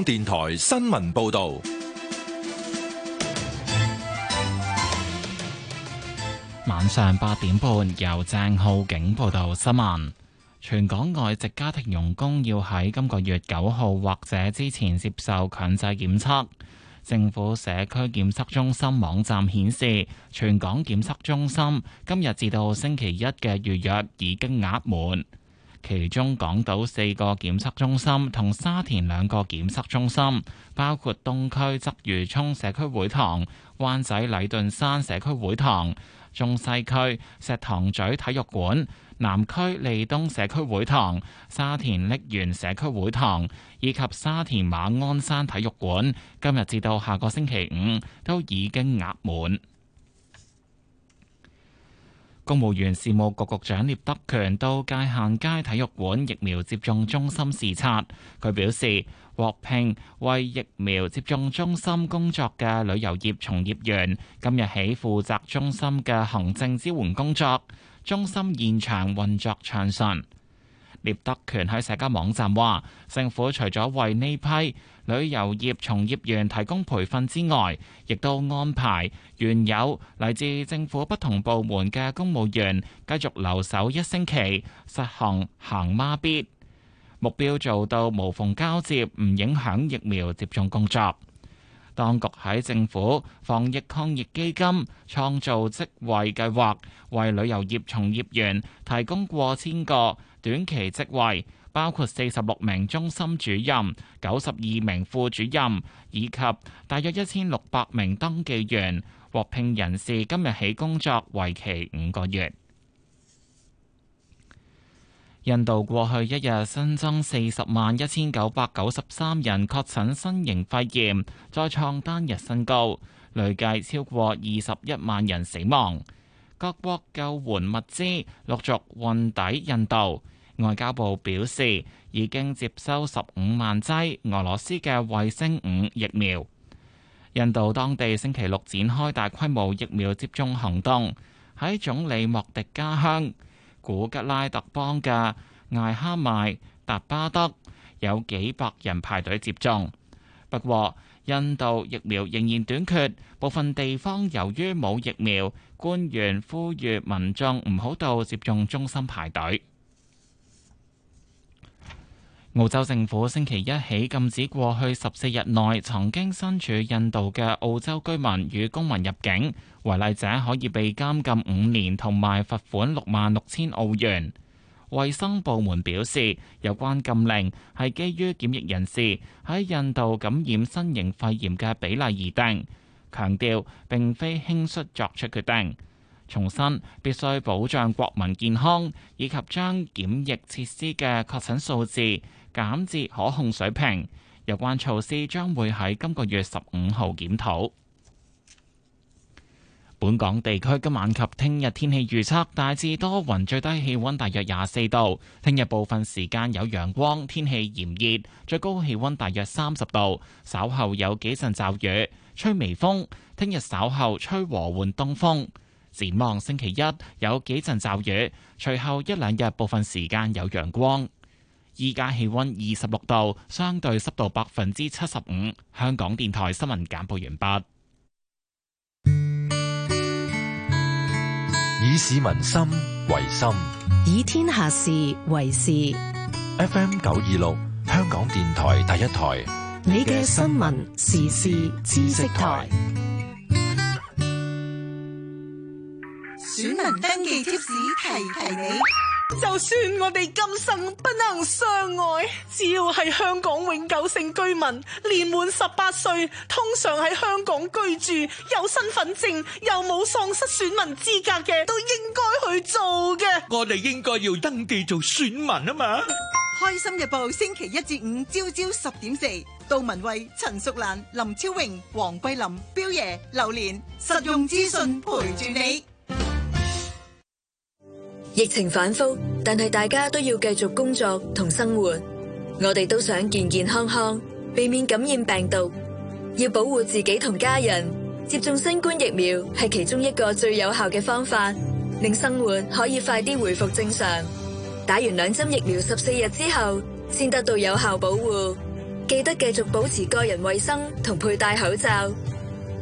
香港電台新聞報道，晚上八點半由鄭浩景報道新聞。全港外籍家庭傭工要喺今個月九號或者之前接受強制檢測。政府社區檢測中心網站顯示，全港檢測中心今日至到星期一嘅預約已經額滿。其中港島四個檢測中心同沙田兩個檢測中心，包括東區鰂魚涌社區會堂、灣仔禮頓山社區會堂、中西區石塘咀體育館、南區利東社區會堂、沙田瀝源社區會堂以及沙田馬鞍山體育館，今日至到下個星期五都已經額滿。公務員事務局局長聶德權到界限街體育館疫苗接種中心視察，佢表示獲聘為疫苗接種中心工作嘅旅遊業從業員，今日起負責中心嘅行政支援工作，中心現場運作暢順。聶德權喺社交網站話，政府除咗為呢批旅遊業從業員提供培訓之外，亦都安排原有嚟自政府不同部門嘅公務員繼續留守一星期，實行行孖必，目標做到無縫交接，唔影響疫苗接種工作。當局喺政府防疫抗疫基金創造職位計劃，為旅遊業從業員提供過千個短期職位，包括四十六名中心主任、九十二名副主任以及大約一千六百名登記員。獲聘人士今日起工作，為期五個月。印度過去一日新增四十萬一千九百九十三人確診新型肺炎，再創單日新高，累計超過二十一萬人死亡。各國救援物資陸續運抵印度，外交部表示已經接收十五萬劑俄羅斯嘅衛星五疫苗。印度當地星期六展開大規模疫苗接種行動，喺總理莫迪家鄉。古吉拉特邦嘅艾哈邁達巴德有幾百人排隊接種，不過印度疫苗仍然短缺，部分地方由於冇疫苗，官員呼籲民眾唔好到接種中心排隊。澳洲政府星期一起禁止過去十四日內曾經身處印度嘅澳洲居民與公民入境，違例者可以被監禁五年同埋罰款六萬六千澳元。衛生部門表示，有關禁令係基於檢疫人士喺印度感染新型肺炎嘅比例而定，強調並非輕率作出決定，重申必須保障國民健康以及將檢疫設施嘅確診數字，減至可控水平，有關措施將會喺今個月十五號檢討。本港地區今晚及聽日天氣預測大致多雲，最低氣温大約廿四度。聽日部分時間有陽光，天氣炎熱，最高氣温大約三十度。稍後有幾陣驟雨，吹微風。聽日稍後吹和緩東風。展望星期一有幾陣驟雨，隨後一兩日部分時間有陽光。依家氣溫二十六度，相對濕度百分之七十五。香港電台新聞簡報完畢。以市民心為心，以天下事為事。FM 九二六，香港電台第一台，你嘅新聞時事知識台。選民登記貼士，提提你。就算我哋今生不能相愛，只要係香港永久性居民，年滿十八歲，通常喺香港居住，有身份證又冇喪失選民資格嘅，都應該去做嘅。我哋應該要登記做選民啊嘛！開心日報星期一至五朝朝十點四，杜文慧、陳淑蘭、林超榮、黃桂林、彪爺、榴蓮，實用資訊陪住你。疫情反覆，但係大家都要繼續工作同生活。我哋都想健健康康，避免感染病毒。要保護自己同家人，接種新冠疫苗係其中一個最有效嘅方法，令生活可以快啲回復正常。打完兩針疫苗十四日之後，先得到有效保護。記得繼續保持個人衛生同佩戴口罩，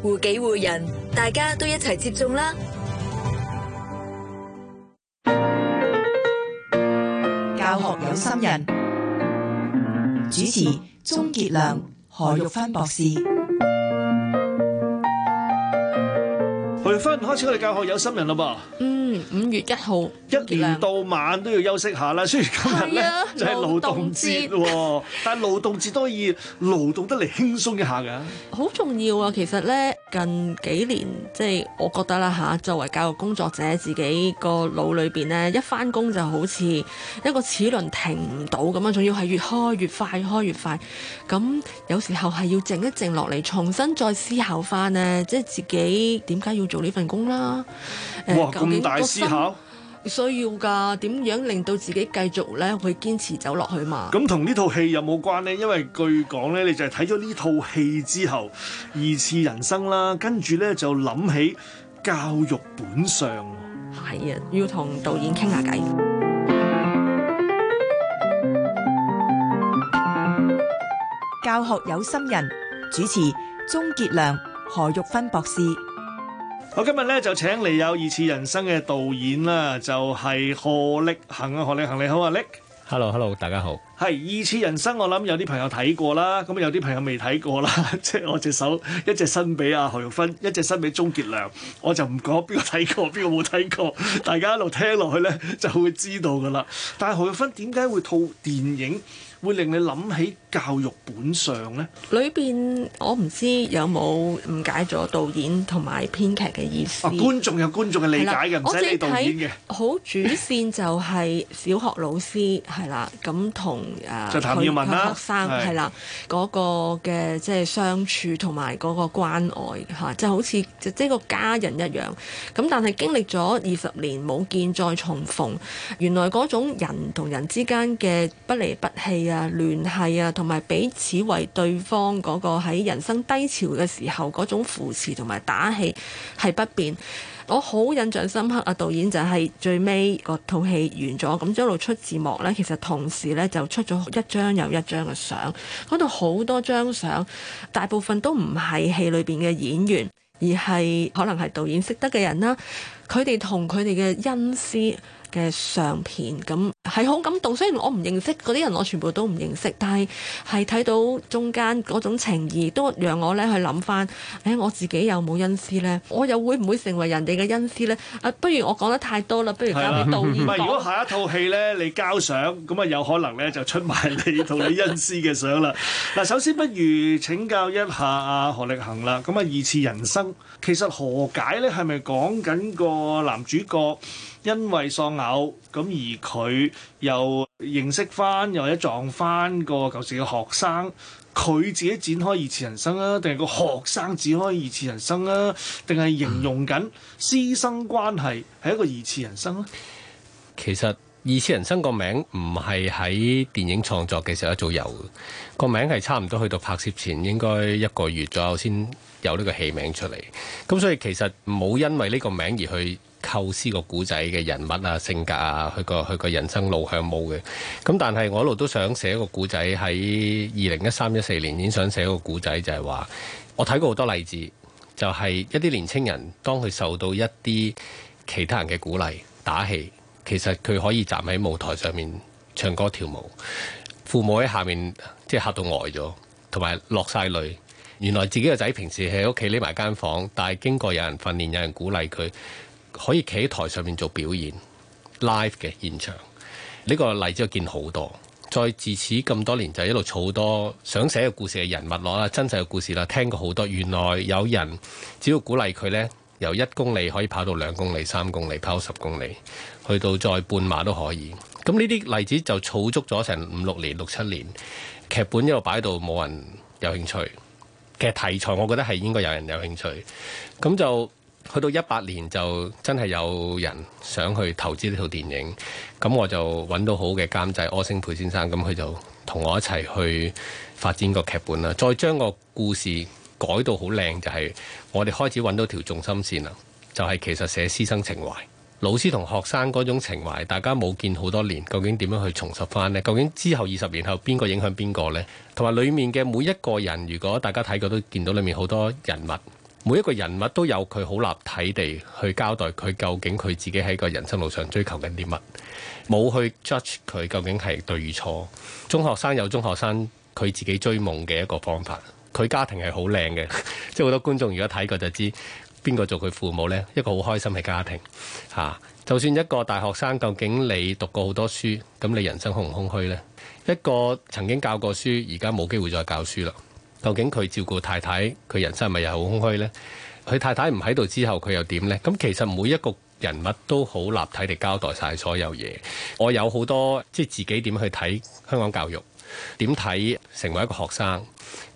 護己護人，大家都一齊接種啦！學有心人，主持鍾傑良、何玉芬博士。何玉芬，開始我哋教學有心人啦噃。嗯，五月一號，一年到晚都要休息下啦。雖然今日咧，啊、就係勞動節喎，但係勞動節都可以，勞 動，動得嚟輕鬆一下噶，好重要啊！其實咧。近幾年即係我覺得啦嚇，作為教育工作者，自己個腦裏邊呢一翻工就好似一個齒輪停唔到咁樣，仲要係越開越快，越開越快。咁有時候係要靜一靜落嚟，重新再思考翻呢，即係自己點解要做呢份工啦？哇！咁大思考。需要噶，點樣令到自己繼續咧去堅持走落去嘛？咁同呢套戲有冇關呢？因為據講咧，你就係睇咗呢套戲之後，二次人生啦，跟住咧就諗起教育本相。係啊，要同導演傾下偈。教學有心人，主持鍾傑良、何玉芬博士。我今日咧就請嚟有二次人生嘅導演啦，就係、是、何力恒啊！何力恒，你好啊力。Hello，Hello，hello, 大家好。係《二次人生》，我諗有啲朋友睇過啦，咁有啲朋友未睇過啦。即係我隻手一隻伸俾阿何玉芬，一隻伸俾鍾傑良。我就唔講邊個睇過，邊個冇睇過。大家一路聽落去呢就會知道㗎啦。但係何玉芬，點解會套電影，會令你諗起教育本上呢？裏邊我唔知有冇誤解咗導演同埋編劇嘅意思。啊、哦，觀眾有觀眾嘅理解㗎，唔使的理導演嘅。好，主線就係小學老師係啦，咁同。 啊、就談、啊、他學生係啦，嗰的的個嘅即係相處同埋嗰個關愛吓，就是、好似即係個家人一樣咁。但係經歷咗二十年冇見再重逢，原來嗰種人同人之間嘅不離不棄啊、聯繫啊，同埋彼此為對方嗰個喺人生低潮嘅時候嗰種扶持同埋打氣係不變。我好印象深刻啊！導演就係最尾嗰套戲完咗，咁一路出字幕呢。其實同時呢，就出咗一張又一張嘅相，嗰度好多張相，大部分都唔係戲裏邊嘅演員，而係可能係導演識得嘅人啦，佢哋同佢哋嘅恩師嘅相片咁。係好感動，雖然我唔認識嗰啲人，我全部都唔認識，但係係睇到中間嗰種情義，都讓我咧去諗翻，誒我自己有冇恩師咧？我又會唔會成為人哋嘅恩師咧？啊，不如我講得太多啦，不如交俾導演講。唔係，如果下一套戲咧你交相，咁啊有可能咧就出埋你同你恩師嘅相啦。嗱，首先不如請教一下阿何力行何力恒啦。咁啊，二次人生其實何解咧？係咪講緊個男主角因為喪偶咁而佢？又認識翻，又或者撞翻個舊時嘅學生，佢自己展開二次人生啊？定係個學生展開二次人生啊？定係形容緊師生關係係一個二次人生啦。其實二次人生個名唔係喺電影創作嘅時候一早有嘅，個名係差唔多去到拍攝前應該一個月左右先有呢個戲名出嚟。咁所以其實冇因為呢個名而去構思個古仔嘅人物啊、性格啊，佢個佢個人生路向冇嘅。咁但係我一路都想寫一個古仔，喺二零一三、一四年已經想寫一個古仔，就係話我睇過好多例子，就係一啲年青人當佢受到一啲其他人嘅鼓勵打氣，其實佢可以站喺舞台上面唱歌跳舞。父母喺下面即係嚇到呆咗，同埋落晒淚。原來自己個仔平時喺屋企匿埋間房，但係經過有人訓練、有人鼓勵佢。可以企喺台上面做表演 live 嘅現場，呢個例子我見好多。再自此咁多年就一路儲多想寫嘅故事嘅人物攞啦、真實嘅故事啦，聽過好多。原來有人只要鼓勵佢咧，由一公里可以跑到兩公里、三公里、跑十公里，去到再半馬都可以。咁呢啲例子就儲足咗成五六年、六七年，劇本一路擺到冇人有興趣。其實題材我覺得係應該有人有興趣，咁就。去到一八年就真係有人想去投資呢套電影，咁我就揾到好嘅監製柯星培先生，咁佢就同我一齊去發展個劇本啦。再將個故事改到好靚，就係我哋開始揾到條重心線啦。就係其實寫師生情懷，老師同學生嗰種情懷，大家冇見好多年，究竟點樣去重拾返呢？究竟之後二十年後邊個影響邊個呢？同埋裡面嘅每一個人，如果大家睇過都見到裡面好多人物。每一個人物都有佢好立體地去交代佢究竟佢自己喺個人生路上追求緊啲乜，冇去 judge 佢究竟係對與錯。中學生有中學生佢自己追夢嘅一個方法，佢家庭係好靚嘅，即係好多觀眾如果睇過就知邊個做佢父母呢？一個好開心嘅家庭嚇，啊。就算一個大學生，究竟你讀過好多書，咁你人生空唔空虛呢？一個曾經教過書，而家冇機會再教書啦。究竟佢照顧太太，佢人生咪又好空虛呢？佢太太唔喺度之後，佢又點呢？咁其實每一個人物都好立體地交代晒所有嘢。我有好多即係自己點去睇香港教育，點睇成為一個學生？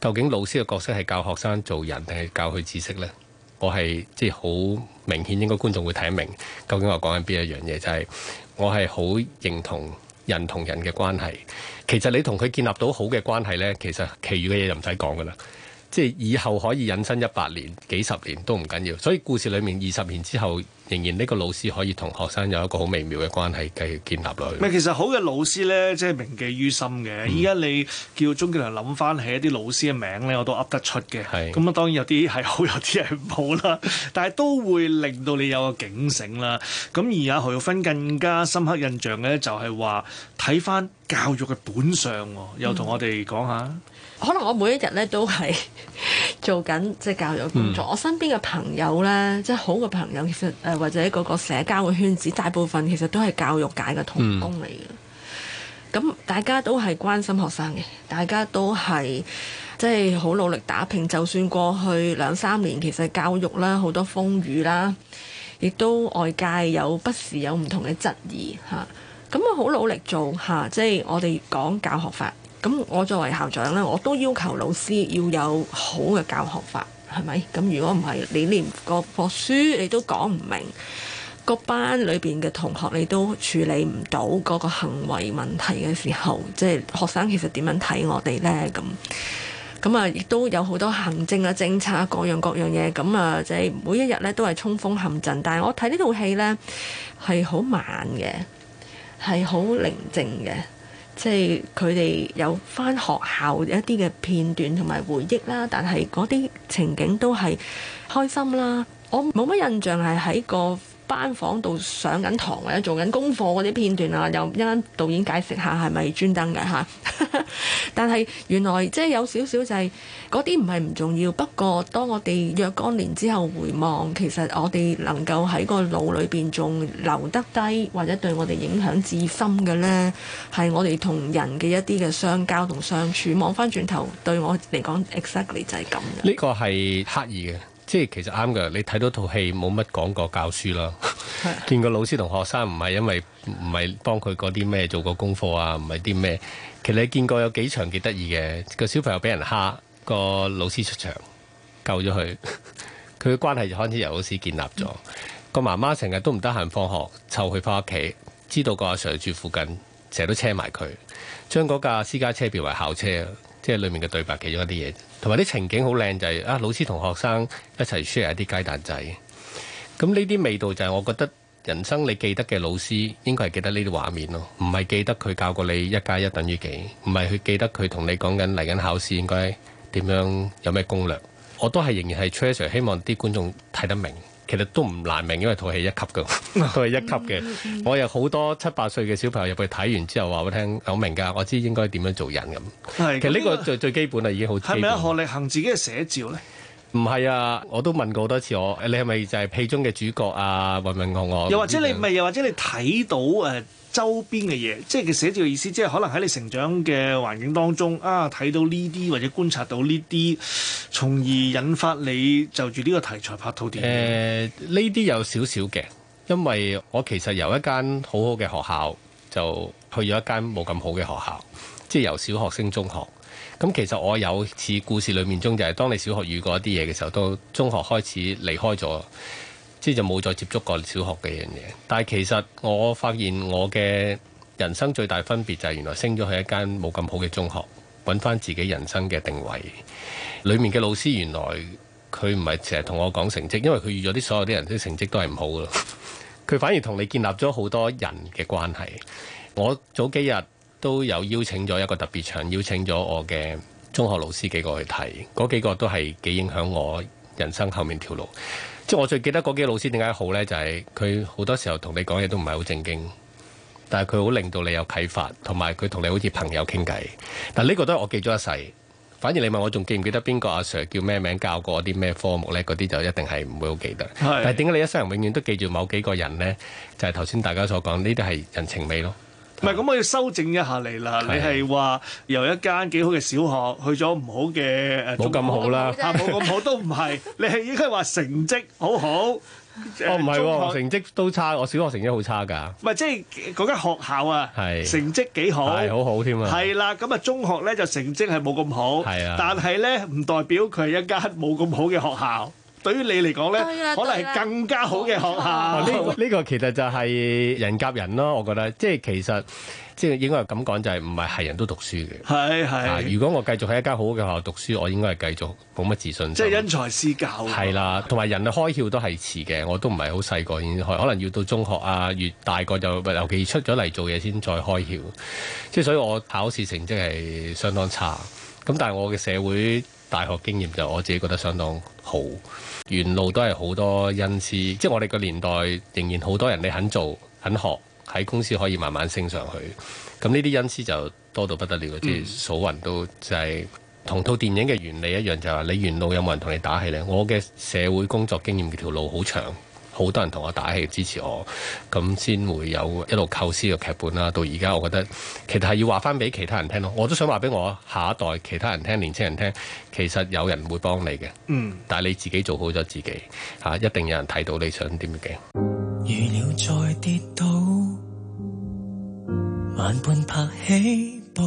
究竟老師嘅角色係教學生做人定係教佢知識呢？我係即係好明顯，應該觀眾會睇得明究竟我講緊邊一樣嘢，就係我係好認同。人同人嘅關係，其實你同佢建立到好嘅關係咧，其實其餘嘅嘢就唔使講噶啦。即係以後可以引申一百年、幾十年都唔緊要，所以故事裡面二十年之後，仍然呢個老師可以同學生有一個好微妙嘅關係繼續建立落去。其實好嘅老師呢，即係銘記於心嘅。依家、嗯、你叫鍾傑良諗翻起，起一啲老師嘅名呢，我都噏得出嘅。咁啊是，當然有啲係好，有啲係唔好啦。但係都會令到你有個警醒啦。咁而阿何玉芬更加深刻印象呢，就係話睇翻教育嘅本相。又同我哋講下。嗯可能我每一日咧都係做緊即係教育工作。嗯、我身邊嘅朋友咧，即係好嘅朋友，其實誒或者嗰個社交嘅圈子，大部分其實都係教育界嘅同工嚟嘅。咁、嗯、大家都係關心學生嘅，大家都係即係好努力打拼。就算過去兩三年，其實教育啦好多風雨啦，亦都外界有不時有唔同嘅質疑嚇。咁我好努力做嚇，即係我哋講教學法。咁我作為校長呢，我都要求老師要有好嘅教學法，係咪？咁如果唔係，你連個課書你都講唔明，個班裏邊嘅同學你都處理唔到嗰個行為問題嘅時候，即係學生其實點樣睇我哋呢？咁咁啊，亦都有好多行政嘅政策各樣各樣嘢，咁啊，即係每一日呢都係衝鋒陷陣。但係我睇呢套戲呢，係好慢嘅，係好寧靜嘅。即係佢哋有返學校一啲嘅片段同埋回憶啦，但係嗰啲情景都係開心啦。我冇乜印象係喺個。班房度上緊堂或者做緊功課嗰啲片段啊，又一陣導演解釋下係咪專登嘅吓？ 但係原來即係、就是、有少少就係嗰啲唔係唔重要。不過當我哋若干年之後回望，其實我哋能夠喺個腦裏邊仲留得低，或者對我哋影響至深嘅呢，係我哋同人嘅一啲嘅相交同相處。望翻轉頭對我嚟講，exactly 就係、是、咁。呢個係刻意嘅。即係其實啱㗎，你睇到套戲冇乜講過教書啦， 見過老師同學生唔係因為唔係幫佢嗰啲咩做過功課啊，唔係啲咩。其實你見過有幾場幾得意嘅個小朋友俾人蝦，個老師出場救咗佢，佢 嘅關係就開始由老師建立咗。嗯、個媽媽成日都唔得閒放學，湊佢翻屋企，知道個阿 Sir 住附近，成日都車埋佢，將嗰架私家車變為校車。即係裡面嘅對白其中一啲嘢，同埋啲情景好靚就係、是、啊老師同學生一齊 share 一啲雞蛋仔，咁呢啲味道就係我覺得人生你記得嘅老師應該係記得呢啲畫面咯，唔係記得佢教過你一加一等於幾，唔係去記得佢同你講緊嚟緊考試應該點樣有咩攻略，我都係仍然係 cherish 希望啲觀眾睇得明。其實都唔難明，因為套戲一級噶，佢係一級嘅。嗯、我有好多七八歲嘅小朋友入去睇完之後話俾我聽好明噶，我知應該點樣做人咁。係其實呢個最、嗰個、最基本啦，已經好。係咪啊？何力恒自己嘅寫照咧？唔係啊！我都問過好多次，我你係咪就係戲中嘅主角啊？混混我，我又或者你咪，又或者你睇到誒周邊嘅嘢，即係寫照嘅意思，即係可能喺你成長嘅環境當中啊，睇到呢啲或者觀察到呢啲，從而引發你就住呢個題材拍套電影。誒、呃，呢啲有少少嘅，因為我其實由一間好好嘅學校就去咗一間冇咁好嘅學校，即係由小學升中學。咁其實我有次故事裏面中，就係當你小學遇過一啲嘢嘅時候，都中學開始離開咗，即係就冇再接觸過小學嘅樣嘢。但係其實我發現我嘅人生最大分別就係原來升咗去一間冇咁好嘅中學，揾翻自己人生嘅定位。裏面嘅老師原來佢唔係成日同我講成績，因為佢遇咗啲所有啲人啲成績都係唔好噶。佢反而同你建立咗好多人嘅關係。我早幾日。都有邀請咗一個特別場，邀請咗我嘅中學老師幾個去睇，嗰幾個都係幾影響我人生後面條路。即係我最記得嗰幾個老師點解好呢？就係佢好多時候同你講嘢都唔係好正經，但係佢好令到你有啟發，同埋佢同你好似朋友傾偈。但呢個都係我記咗一世。反而你問我仲記唔記得邊個阿 Sir 叫咩名教過我啲咩科目呢？嗰啲就一定係唔會好記得。是但係點解你一生人永遠都記住某幾個人呢？就係頭先大家所講，呢啲係人情味咯。唔係，咁我要修正一下嚟啦。的你係話由一間幾好嘅小學去咗唔好嘅誒？冇咁好啦，冇咁好都唔係。 你係應該話成績好好。哦，唔係，中學成績都差，我小學成績好差㗎。唔係，即係嗰間學校啊，的成績幾好，係好好添啊。係啦，咁啊，中學咧就成績係冇咁好，的但係咧唔代表佢係一間冇咁好嘅學校，對於你嚟講咧，可能係更加好嘅學校。呢呢個其實就係人夾人咯，我覺得即係其實即係應該係咁講，就係唔係係人都讀書嘅。係係。如果我繼續喺一間好嘅學校讀書，我應該係繼續冇乜自信心。即係因材施教。係啦，同埋人啊開竅都係遲嘅，我都唔係好細個已經開，可能要到中學啊，越大個就尤其出咗嚟做嘢先再開竅。即係所以我考試成績係相當差，咁但係我嘅社會大學經驗就我自己覺得相當好，沿路都係好多恩師，即係我哋個年代仍然好多人你肯做肯學喺公司可以慢慢升上去。咁呢啲恩師就多到不得了，即係、嗯、數雲都就係、是、同套電影嘅原理一樣，就係、是、話你沿路有冇人同你打氣呢？我嘅社會工作經驗條路好長。好多人同我打氣支持我，咁先會有一路構思嘅劇本啦。到而家我覺得，其實係要話翻俾其他人聽咯。我都想話俾我下一代其他人聽，年青人聽，其實有人會幫你嘅。嗯，但係你自己做好咗自己，嚇、啊、一定有人睇到你想點嘅。如料再跌倒，慢半拍起步，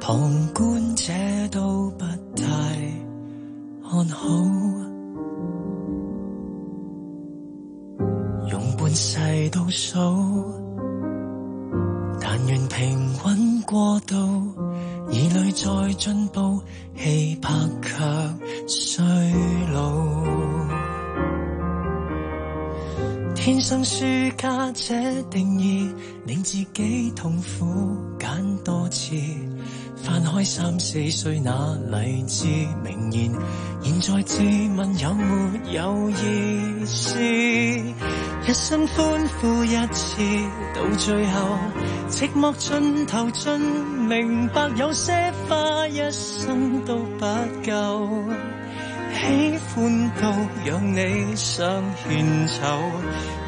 旁觀者都不太看好。一世倒數，但願平穩過渡，意欲在進步，氣魄卻衰老。天生輸家這定義，令自己痛苦揀多次，翻開三四歲那勵志名言，現在自問有沒有有意思？一生歡呼一次，到最後寂寞盡頭盡明白有，有些花一生都不夠。喜歡到讓你想獻醜，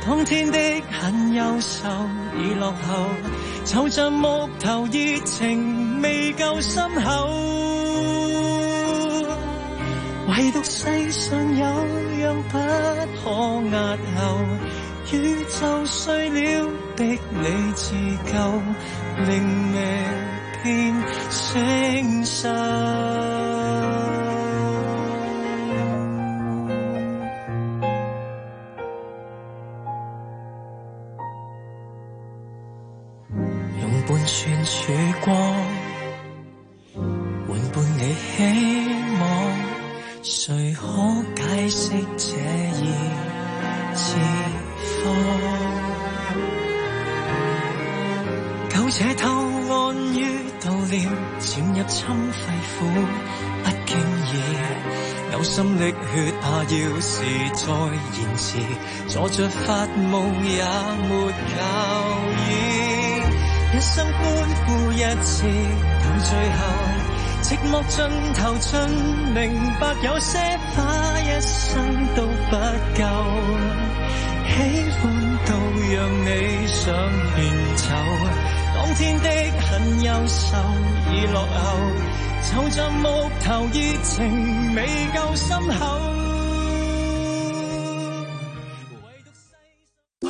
當天的很優秀，已落後，就像木頭熱情未夠深厚，唯獨世上有樣不可壓後。宇宙碎了，迫你自救，令片星辰。 用半寸曙光，換半裏希望，誰可解釋這言詞？放、哦，苟且偷安於度日，潛入深肺腑。不經意，嘔心瀝血，怕要是再延遲，坐着發夢也沒意義。一生歡呼一次，到最後，寂寞盡頭，盡明白有些花，一生都不夠。喜歡到讓你想獻醜，當天的很優秀，已落後，就像木頭熱情未夠深厚。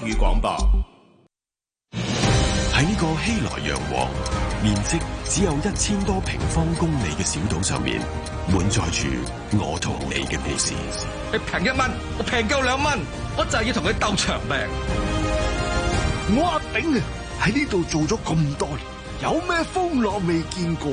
粵語廣播喺呢個熙來攘往，面積只有一千多平方公里嘅小島上面，滿載住我同你嘅故事。你平一蚊，我平夠兩蚊，我就係要同佢鬥長命。我阿炳啊，喺呢度做咗咁多年，有咩風浪未見過？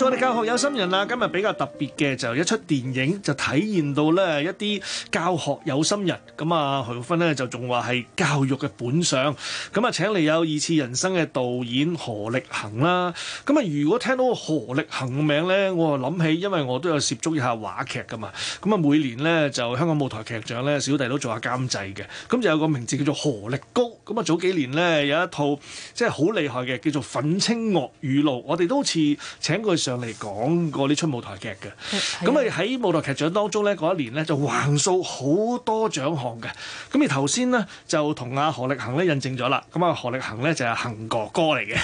我哋教學有心人啦，今日比較特別嘅就一出電影就體現到咧一啲教學有心人。咁啊，何玉芬咧就仲話係教育嘅本相。咁啊，請嚟有二次人生嘅導演何力恒啦。咁啊，如果聽到何力恒嘅名咧，我啊諗起，因為我都有涉足一下話劇噶嘛。咁啊，每年咧就香港舞台劇獎咧，小弟都做下監製嘅。咁就有個名字叫做何力高。咁啊，早幾年咧有一套即係好厲害嘅，叫做《粉青鱷語錄》，我哋都好似請佢。上嚟講過呢出舞台劇嘅。咁啊喺舞台劇獎當中咧，嗰一年咧就橫掃好多獎項嘅。咁而頭先咧就同阿何力恒咧印證咗啦。咁啊何力恒咧就係恒哥哥嚟嘅。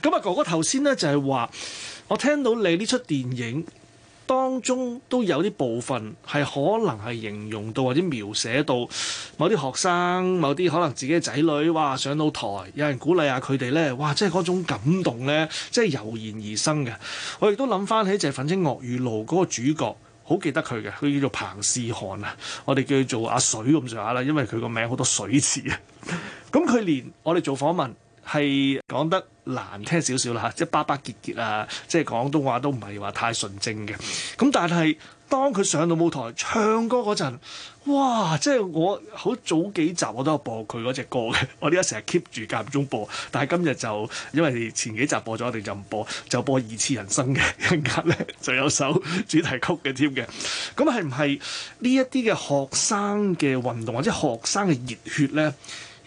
咁啊的 哥哥頭先咧就係話，我聽到你呢出電影。當中都有啲部分係可能係形容到或者描寫到某啲學生，某啲可能自己嘅仔女，哇！上到台有人鼓勵下佢哋咧，哇！即係嗰種感動咧，即係油然而生嘅。我亦都諗翻起就係《粉青鱷魚露》嗰個主角，好記得佢嘅，佢叫做彭氏漢啊，我哋叫做阿水咁上下啦，因為佢個名好多水字啊。咁 佢連我哋做訪問。係講得難聽少少啦嚇，即係巴巴結結啊，即係廣東話都唔係話太純正嘅。咁但係當佢上到舞台唱歌嗰陣，哇！即係我好早幾集我都有播佢嗰隻歌嘅，我呢家成日 keep 住間中播。但係今日就因為前幾集播咗，我哋就唔播，就播二次人生嘅一間咧，就有首主題曲嘅添嘅。咁係唔係呢一啲嘅學生嘅運動或者學生嘅熱血咧？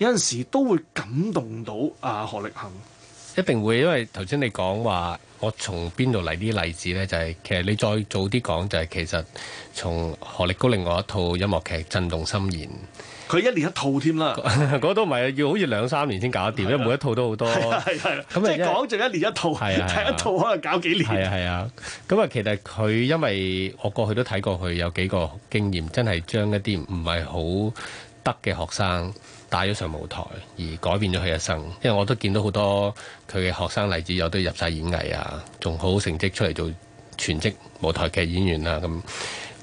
有陣時都會感動到啊！何力恒一定會，因為頭先你講話，我從邊度嚟啲例子呢？就係其實你再早啲講，就係其實從何力高另外一套音樂劇《震動心弦》，佢一年一套添啦。嗰都唔係要好似兩三年先搞得掂，因為每一套都好多係係係，即係講就一年一套，係一套可能搞幾年係啊係啊。咁啊，其實佢因為我過去都睇過佢有幾個經驗，真係將一啲唔係好得嘅學生。帶咗上舞台而改變咗佢一生，因為我都見到好多佢嘅學生例子，有都入晒演藝啊，仲好成績出嚟做全職舞台劇演員啊咁，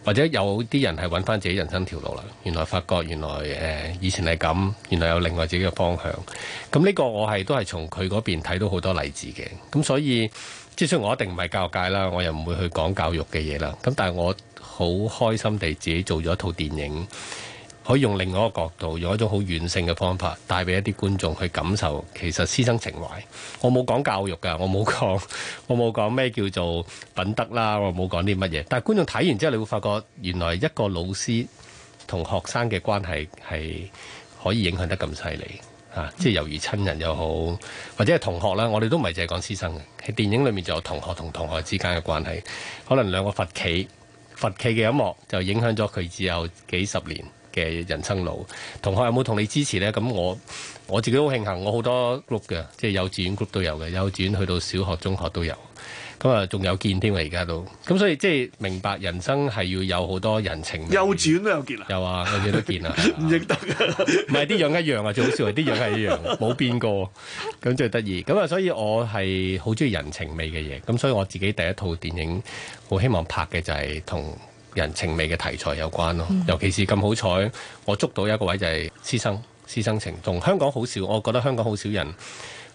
或者有啲人係揾翻自己人生條路啦。原來發覺原來誒、呃、以前係咁，原來有另外自己嘅方向。咁呢個我係都係從佢嗰邊睇到好多例子嘅。咁所以，即使我一定唔係教育界啦，我又唔會去講教育嘅嘢啦。咁但係我好開心地自己做咗一套電影。可以用另外一個角度，用一種好軟性嘅方法，帶俾一啲觀眾去感受其實師生情懷。我冇講教育㗎，我冇講我冇講咩叫做品德啦，我冇講啲乜嘢。但係觀眾睇完之後，你會發覺原來一個老師同學生嘅關係係可以影響得咁犀利嚇，即係猶如親人又好，或者係同學啦。我哋都唔係淨係講師生嘅，喺電影裏面，就有同學同同學之間嘅關係，可能兩個佛企佛企嘅音樂就影響咗佢之後幾十年，嘅人生路，同學有冇同你支持呢？咁我我自己好慶幸，我好多 group 嘅，即係幼稚園 group 都有嘅，幼稚園去到小學、中學都有，咁啊仲有見添啊，而家都，咁所以即係明白人生係要有好多人情。幼稚園啊，有見有 啊，我哋都見啦，唔認得， 唔係啲樣一樣啊，最好笑係啲樣係一樣，冇變過，咁最得意。咁啊，所以我係好中意人情味嘅嘢，咁所以我自己第一套電影好希望拍嘅就係同。人情味嘅題材有關咯，尤其是咁好彩，我捉到一個位就係師生師生情，同香港好少，我覺得香港好少人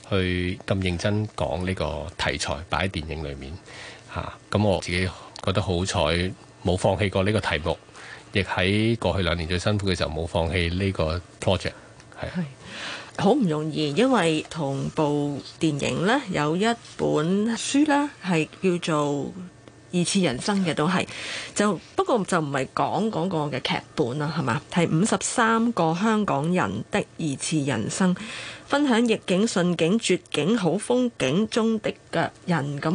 去咁認真講呢個題材擺喺電影裏面嚇。咁、啊、我自己覺得好彩，冇放棄過呢個題目，亦喺過去兩年最辛苦嘅時候冇放棄呢個 project。係，好唔容易，因為同部電影呢，有一本書呢係叫做。二次人生嘅都係，就不過就唔係講嗰個嘅劇本啦，係嘛？係五十三個香港人的二次人生，分享逆境、順境、絕境、好風景中的嘅人。咁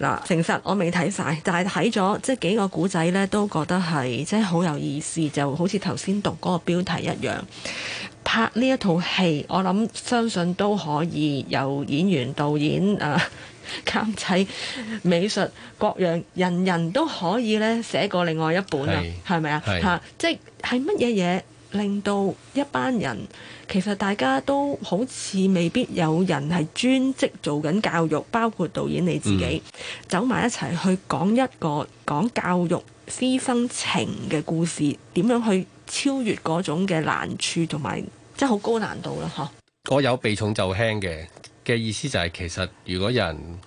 嗱，誠實我未睇晒，但係睇咗即係幾個古仔呢，都覺得係即係好有意思，就好似頭先讀嗰個標題一樣。拍呢一套戲，我諗相信都可以由演員、導演啊。呃監製、美術各樣，人人都可以咧寫過另外一本啊，係咪啊？吓吧是，即係乜嘢嘢令到一班人，其實大家都好似未必有人係專職做緊教育，包括導演你自己，嗯、走埋一齊去講一個講教育師生情嘅故事，點樣去超越嗰種嘅難處，同埋即係好高難度啦，嗬？我有避重就輕嘅。嘅意思就係、是、其實，如果有人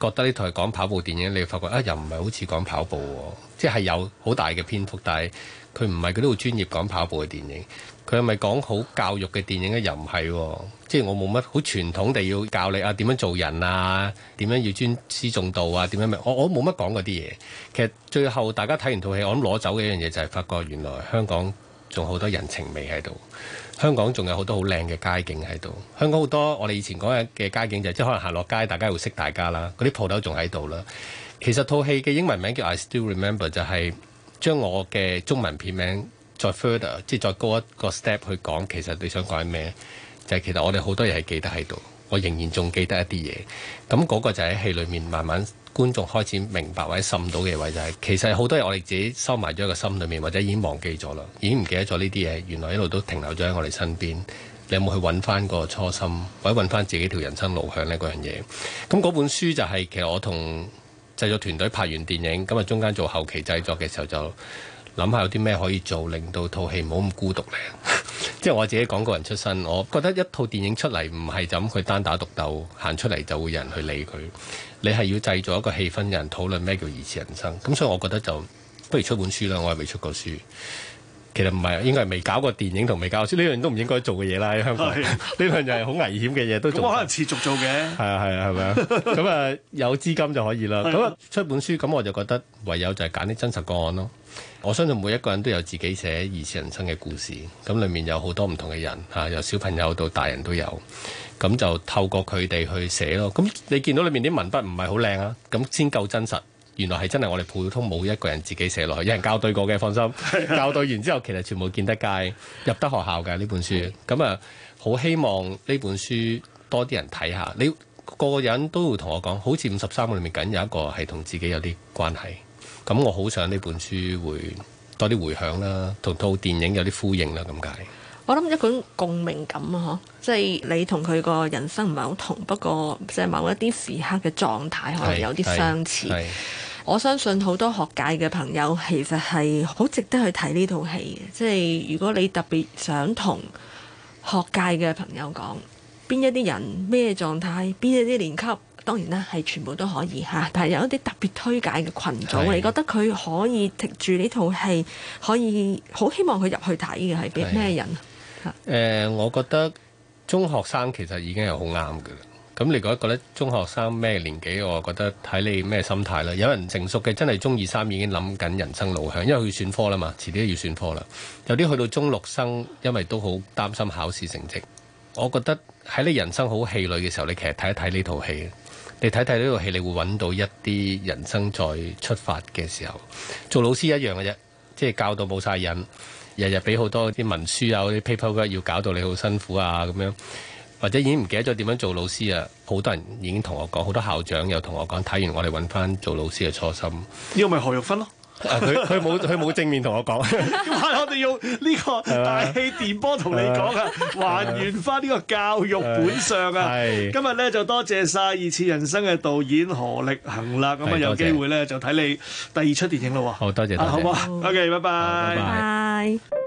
覺得呢套係講跑步電影，你會發覺啊，又唔係好似講跑步喎，即係有好大嘅篇幅，但係佢唔係佢都好專業講跑步嘅電影。佢係咪講好教育嘅電影呢？又唔係、哦，即係我冇乜好傳統地要教你啊點樣做人啊，點樣要尊師重道啊，點樣我我冇乜講嗰啲嘢。其實最後大家睇完套戲，我諗攞走嘅一樣嘢就係發覺原來香港仲好多人情味喺度。香港仲有好多好靚嘅街景喺度，香港好多我哋以前講嘅街景就係即係可能行落街大家會識大家啦，嗰啲鋪頭仲喺度啦。其實套戲嘅英文名叫 I Still Remember 就係將我嘅中文片名再 Further 即係再高一個 step 去講，其實你想講咩？就係其實我哋好多嘢係記得喺度，我仍然仲記得一啲嘢。咁嗰個就喺戲裡面慢慢。觀眾開始明白或者滲到嘅位就係，其實好多嘢我哋自己收埋咗喺個心裏面，或者已經忘記咗啦，已經唔記得咗呢啲嘢，原來一路都停留咗喺我哋身邊。你有冇去揾翻個初心，或者揾翻自己條人生路向呢？嗰樣嘢，咁嗰本書就係其實我同製作團隊拍完電影，咁啊中間做後期製作嘅時候就。諗下有啲咩可以做，令到套戲冇咁孤獨呢？即係我自己廣告人出身，我覺得一套電影出嚟唔係就咁佢單打獨鬥行出嚟就會有人去理佢。你係要製造一個氣氛，有人討論咩叫二次人生。咁所以我覺得就不如出本書啦。我係未出過書。其實唔係，應該係未搞過電影同未搞過書，所以呢樣都唔應該做嘅嘢啦。喺香港呢樣就係好危險嘅嘢，都冇可能持續做嘅。係啊係啊，係咪啊？咁啊 有資金就可以啦。咁啊 出本書，咁我就覺得唯有就係揀啲真實個案咯。我相信每一個人都有自己寫二次人生嘅故事，咁裏面有好多唔同嘅人吓、啊，由小朋友到大人都有。咁就透過佢哋去寫咯。咁你見到裏面啲文筆唔係好靚啊，咁先夠真實。原來係真係我哋普通冇一個人自己寫落去，有人校對過嘅，放心。校對完之後，其實全部見得街入得學校嘅呢本書。咁啊， 好希望呢本書多啲人睇下。你個個人都會同我講，好似五十三個裡面梗有一個係同自己有啲關係。咁我好想呢本書會多啲迴響啦，同套電影有啲呼應啦，咁解。我諗一種共鳴感啊，嗬，即係你同佢個人生唔係好同，不過即係某一啲時刻嘅狀態可能有啲相似。我相信好多學界嘅朋友其實係好值得去睇呢套戲嘅。即係如果你特別想同學界嘅朋友講，邊一啲人咩狀態？邊一啲年級？當然啦，係全部都可以吓。但係有一啲特別推介嘅群組，是你覺得佢可以睇住呢套戲，可以好希望佢入去睇嘅係畀咩人？誒、呃，我覺得中學生其實已經係好啱嘅啦。咁你覺得覺得中學生咩年紀？我覺得睇你咩心態啦。有人成熟嘅，真係中二三已經諗緊人生路向，因為佢要選科啦嘛，遲啲都要選科啦。有啲去到中六生，因為都好擔心考試成績。我覺得喺你人生好氣餒嘅時候，你其實睇一睇呢套戲，你睇睇呢套戲，你會揾到一啲人生再出發嘅時候。做老師一樣嘅啫，即係教到冇晒癮。日日俾好多啲文書啊，啲 paperwork 要搞到你好辛苦啊咁樣，或者已經唔記得咗點樣做老師啊，好多人已經同我講，好多校長又同我講，睇完我哋揾翻做老師嘅初心。呢個咪何玉芬咯。佢佢冇佢冇正面同我講，咁 嘛 我哋用呢個大氣電波同你講啊， 還原翻呢個教育本相啊！ 今日咧就多謝晒二次人生嘅導演何力恒啦，咁啊有機會咧就睇你第二出電影咯，啊，好多謝，多謝啊，好唔好 OK 拜，拜拜。